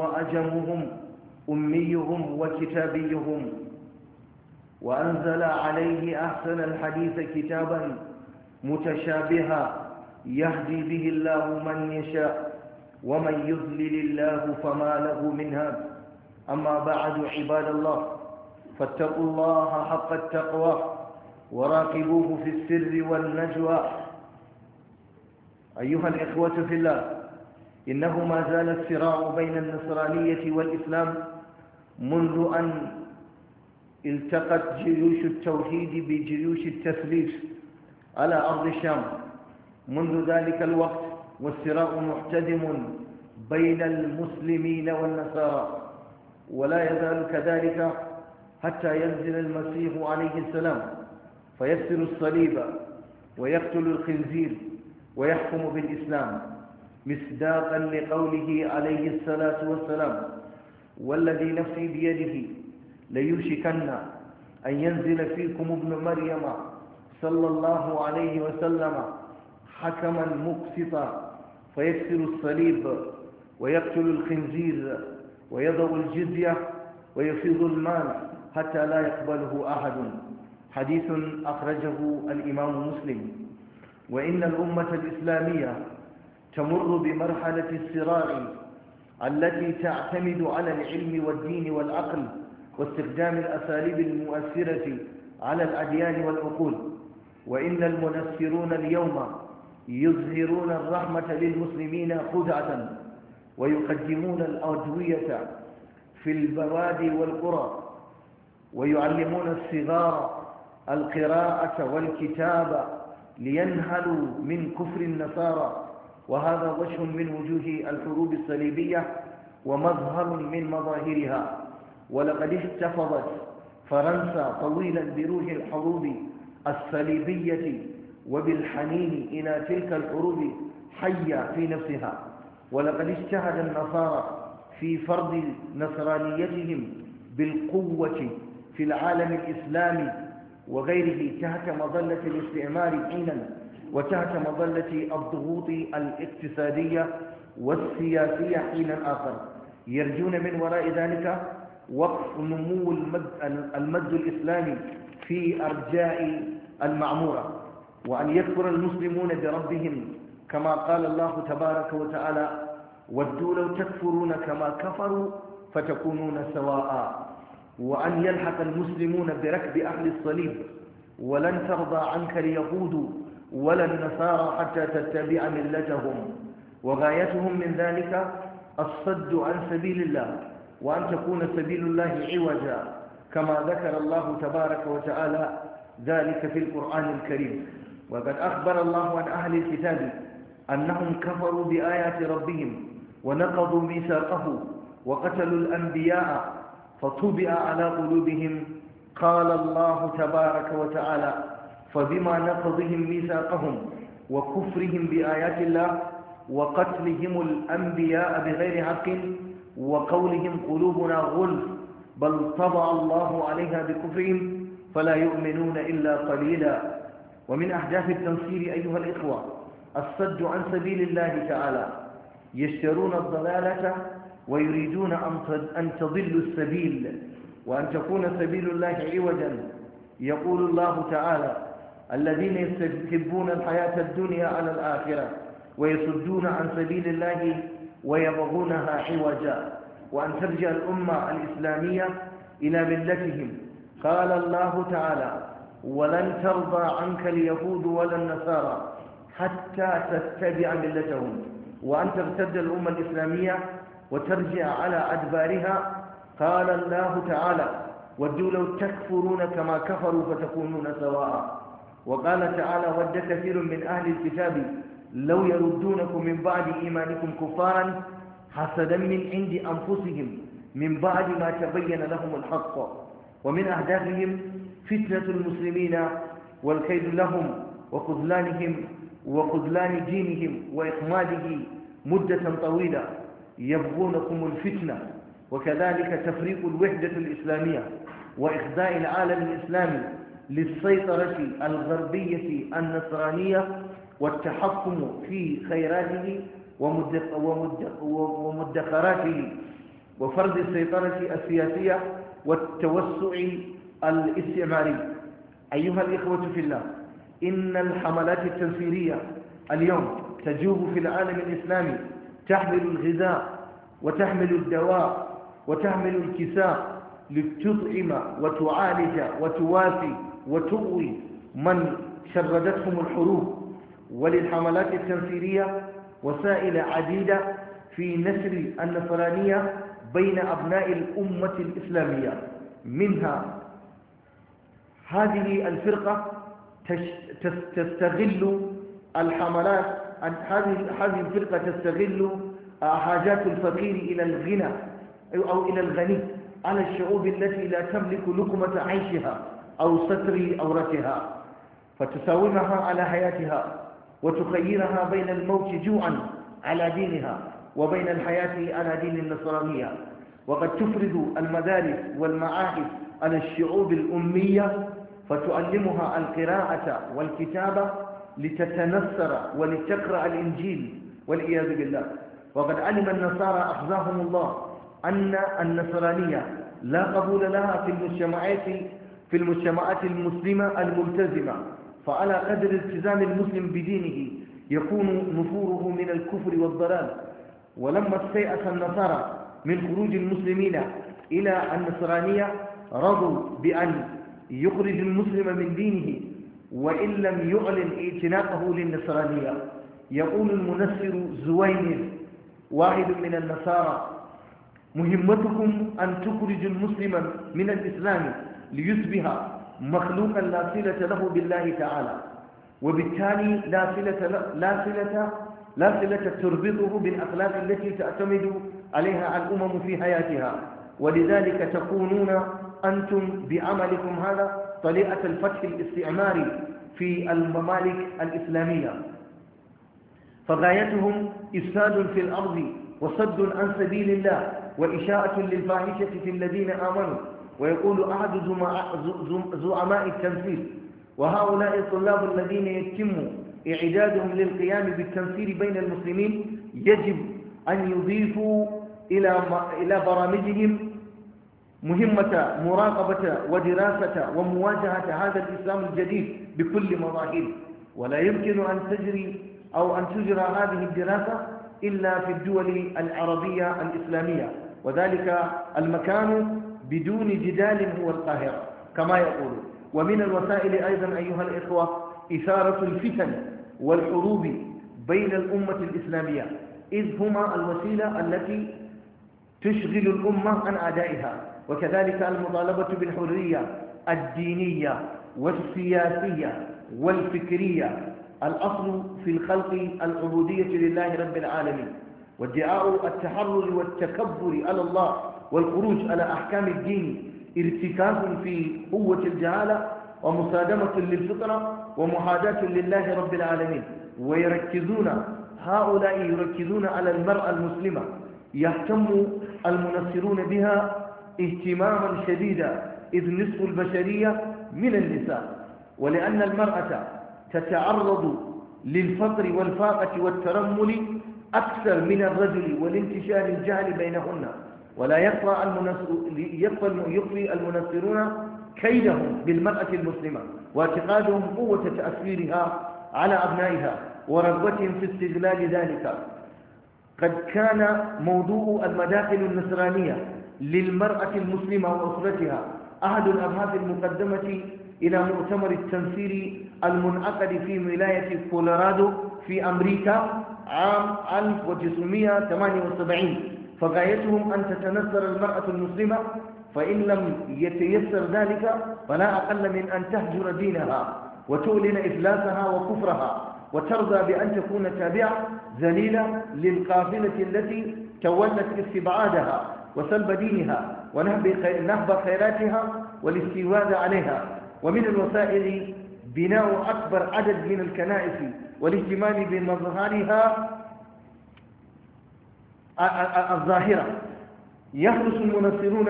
وأجمهم أميهم وكتابيهم وأنزل عليه أحسن الحديث كتابا متشابها يهدي به الله من يشاء ومن يذلل الله فما له منها أما بعد عباد الله فاتقوا الله حق التقوى وراقبوه في السر والنجوى أيها الإخوة في الله إنه ما زال الصراع بين النصرانية والإسلام منذ أن التقت جيوش التوحيد بجيوش التثليث على أرض الشام منذ ذلك الوقت والصراع محتدم بين المسلمين والنصارى ولا يزال كذلك حتى ينزل المسيح عليه السلام فيكسر الصليب ويقتل الخنزير ويحكم بالإسلام مصداقا لقوله عليه الصلاة والسلام والذي نفسي بيده ليوشكن أن ينزل فيكم ابن مريم صلى الله عليه وسلم حكما مقسطا فيكسر الصليب ويقتل الخنزير ويضع الجزية ويفيض المال حتى لا يقبله أحد حديث أخرجه الإمام مسلم وإن الأمة الإسلامية تمر بمرحلة الصراع التي تعتمد على العلم والدين والعقل واستخدام الأساليب المؤثرة على الأديان والعقول وإن المنسرون اليوم يظهرون الرحمة للمسلمين خدعة ويقدمون الأدوية في البوادي والقرى ويعلمون الصغار القراءة والكتابة لينهلوا من كفر النصارى وهذا وجه من وجوه الحروب الصليبية ومظهر من مظاهرها ولقد احتفظت فرنسا طويلا بروح الحروب الصليبية وبالحنين إلى تلك الحروب حية في نفسها ولقد اجتهد النصارى في فرض نصرانيتهم بالقوة في العالم الإسلامي وغيره تحت مظلة الاستعمار حينا وتحت مظلة الضغوط الاقتصادية والسياسية حين آخر يرجون من وراء ذلك وقف نمو المد, المد الإسلامي في أرجاء المعمورة وأن يكفر المسلمون بربهم كما قال الله تبارك وتعالى ودوا لو تكفرون كما كفروا فتكونون سواء وأن يلحق المسلمون بركب أهل الصليب ولن ترضى عنك ليقودوا ولا النصارى حتى تتبع ملتهم وغايتهم من ذلك الصد عن سبيل الله وأن تكون سبيل الله عوجا كما ذكر الله تبارك وتعالى ذلك في القرآن الكريم وقد أخبر الله عن أهل الكتاب أنهم كفروا بآيات ربهم ونقضوا ميثاقه وقتلوا الأنبياء فطبع على قلوبهم قال الله تبارك وتعالى فبما نقضهم ميثاقهم وكفرهم بآيات الله وقتلهم الأنبياء بغير حق وقولهم قلوبنا غلف بل طبع الله عليها بكفرهم فلا يؤمنون إلا قليلا ومن أهداف التنصير أيها الإخوة الصد عن سبيل الله تعالى يشترون الضلالة ويريدون أن تضلوا السبيل وأن تكون سبيل الله عوجا يقول الله تعالى الذين يستكبون الحياة الدنيا على الآخرة ويصدون عن سبيل الله ويبغونها حوجا وأن ترجع الأمة الإسلامية إلى ملتهم قال الله تعالى ولن ترضى عنك اليهود ولا النصارى حتى تتبع ملتهم وأن ترتد الأمة الإسلامية وترجع على أدبارها قال الله تعالى ودوا لو تكفرون كما كفروا فتكونون سواء وقال تعالى ود كثير من أهل الكتاب لو يردونكم من بعد إيمانكم كفارا حسدا من عند أنفسهم من بعد ما تبين لهم الحق ومن أهدافهم فتنة المسلمين والكيد لهم وخذلانهم وخذلان دينهم وإخماده مدة طويلة يبغونكم الفتنة وكذلك تفريق الوحدة الإسلامية وإخزاء العالم الإسلامي للسيطرة الغربية النصرانية والتحكم في خيراته ومدخراته وفرض السيطرة السياسية والتوسع الاستعماري أيها الإخوة في الله إن الحملات التنفيرية اليوم تجوب في العالم الإسلامي تحمل الغذاء وتحمل الدواء وتحمل الكساء لتطعم وتعالج وتوافي وتغوي من شردتهم الحروب وللحملات التنفيرية وسائل عديدة في نشر النصرانية بين أبناء الأمة الإسلامية منها هذه الفرقة تستغل الحملات هذه الفرقة تستغل آه، حاجات الفقير إلى الغنى أو إلى الغني على الشعوب التي لا تملك لقمة عيشها أو ستر عورتها فتساومها على حياتها وتخيرها بين الموت جوعا على دينها وبين الحياة على دين النصرانية وقد تفرض المدارس والمعاهد على الشعوب الأمية فتعلمها القراءة والكتابة لتتنصر ولتقرأ الإنجيل والعياذ بالله وقد علم النصارى أخزاهم الله أن النصرانية لا قبول لها في المجتمعات في المجتمعات المسلمة الملتزمة فعلى قدر التزام المسلم بدينه يكون نفوره من الكفر والضلال ولما استيأس النصارى من خروج المسلمين إلى النصرانية رضوا بأن يخرج المسلم من دينه وإن لم يعلن اعتناقه للنصرانية يقول المنسر زوين واحد من النصارى مهمتكم أن تخرجوا المسلم من الإسلام ليشبه مخلوقا لا صلة له بالله تعالى وبالتالي لا صلة لا صلة لا صلة تربطه بالأخلاق التي تعتمد عليها الأمم في حياتها ولذلك تكونون أنتم بعملكم هذا طليعة الفتح الاستعماري في الممالك الإسلامية فغايتهم إفساد في الأرض وصد عن سبيل الله وإشاءة للفاحشة في الذين آمنوا ويقول أحد زعماء التنفيذ وهؤلاء الطلاب الذين يتم إعدادهم للقيام بالتنفيذ بين المسلمين يجب أن يضيفوا إلى إلى برامجهم مهمة مراقبة ودراسة ومواجهة هذا الإسلام الجديد بكل مظاهره ولا يمكن أن تجري أو أن تجرى هذه الدراسة إلا في الدول العربية الإسلامية وذلك المكان بدون جدال هو القاهرة كما يقول ومن الوسائل أيضا أيها الإخوة إثارة الفتن والحروب بين الأمة الإسلامية إذ هما الوسيلة التي تشغل الأمة عن أدائها وكذلك المطالبة بالحرية الدينية والسياسية والفكرية الأصل في الخلق العبودية لله رب العالمين وادعاء التحرر والتكبر على الله والخروج على أحكام الدين ارتكاز في قوة الجهالة ومصادمة للفطرة ومحاداة لله رب العالمين ويركزون هؤلاء يركزون على المرأة المسلمة يهتم المنصرون بها اهتماما شديدا إذ نصف البشرية من النساء ولأن المرأة تتعرض للفقر والفاقة والترمل أكثر من الرجل والانتشار الجهل بينهن ولا يقرأ يقري المنصرون كيدهم بالمرأة المسلمة واعتقادهم قوة تأثيرها على أبنائها ورغبتهم في استغلال ذلك قد كان موضوع المداخل النصرانية للمرأة المسلمة وأسرتها أحد الأبحاث المقدمة إلى مؤتمر التنسير المنعقد في ولاية كولورادو في أمريكا عام 1978 فغايتهم أن تتنزل المرأة المسلمة فإن لم يتيسر ذلك فلا أقل من أن تهجر دينها وتؤلن إفلاسها وكفرها وترضى بأن تكون تابعة ذليلة للقافلة التي تولت استبعادها وسلب دينها ونهب خيراتها والاستيواذ عليها ومن الوسائل بناء أكبر عدد من الكنائس والاهتمام بمظهرها الظاهرة يحرص المنصرون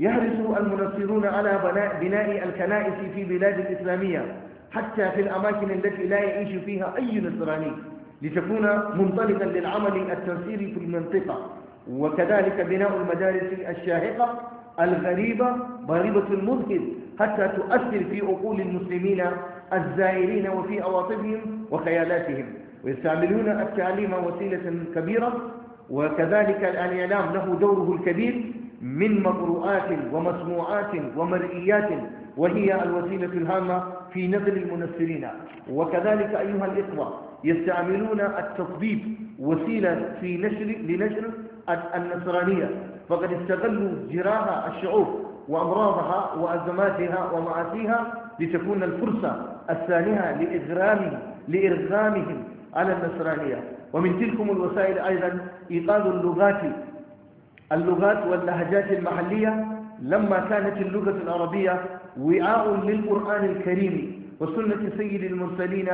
يحرص المنصرون على بناء الكنائس في بلاد الإسلامية حتى في الأماكن التي لا يعيش فيها أي نصراني لتكون منطلقا للعمل التنصيري في المنطقة وكذلك بناء المدارس الشاهقة الغريبة ضريبة المذهل حتى تؤثر في عقول المسلمين الزائرين وفي أواطبهم وخيالاتهم ويستعملون التعليم وسيلة كبيرة وكذلك الإعلام له دوره الكبير من مقروءات ومسموعات ومرئيات وهي الوسيلة الهامة في نقل المنسرين وكذلك أيها الإخوة يستعملون التطبيب وسيلة في نشر لنشر النصرانية فقد استغلوا جراح الشعوب وأمراضها وأزماتها ومعاسيها لتكون الفرصة الثانية لإغرام لإرغامهم على النصرانية ومن تلكم الوسائل أيضا إيقاظ اللغات اللغات واللهجات المحلية لما كانت اللغة العربية وعاء للقرآن الكريم وسنة سيد المرسلين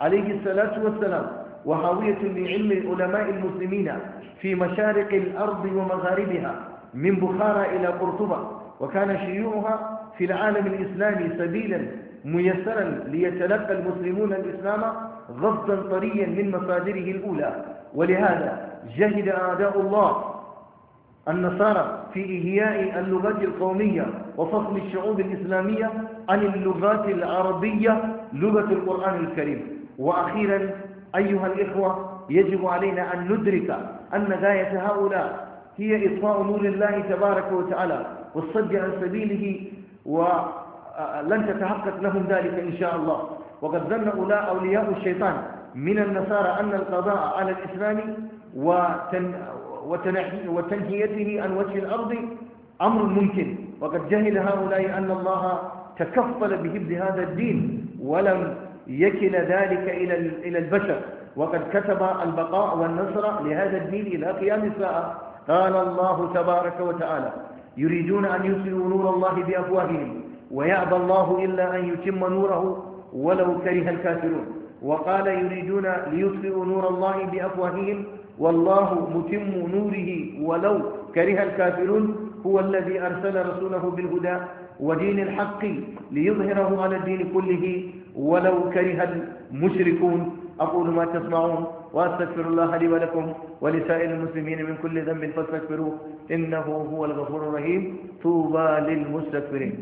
عليه الصلاة والسلام وهاوية لعلم علماء المسلمين في مشارق الأرض ومغاربها من بخارى إلى قرطبة وكان شيوعها في العالم الإسلامي سبيلا ميسرا ليتلقى المسلمون الإسلام غضا طريا من مصادره الأولى ولهذا جهد أعداء الله النصارى في إهياء اللغات القومية وفصل الشعوب الإسلامية عن اللغات العربية لغة القرآن الكريم وأخيرا أيها الإخوة يجب علينا أن ندرك أن غاية هؤلاء هي إطفاء نور الله تبارك وتعالى والصد عن سبيله ولن تتحقق لهم ذلك إن شاء الله وقد ظن أولاء أولياء الشيطان من النصارى أن القضاء على الإسلام وتن وتنهيته عن وجه الأرض أمر ممكن وقد جهل هؤلاء أن الله تكفل بحفظ هذا الدين ولم يكل ذلك إلى البشر وقد كتب البقاء والنصر لهذا الدين إلى قيام الساعة قال الله تبارك وتعالى يريدون أن يطفئوا نور الله بأفواههم ويعبى الله إلا أن يتم نوره ولو كره الكافرون وقال يريدون ليطفئوا نور الله بأفواههم والله متم نوره ولو كره الكافرون هو الذي أرسل رسوله بالهدى ودين الحق ليظهره على الدين كله ولو كره المشركون أقول ما تسمعون وأستغفر الله لي ولكم ولسائر المسلمين من كل ذنب فاستغفروه إنه هو الغفور الرحيم طوبى للمستغفرين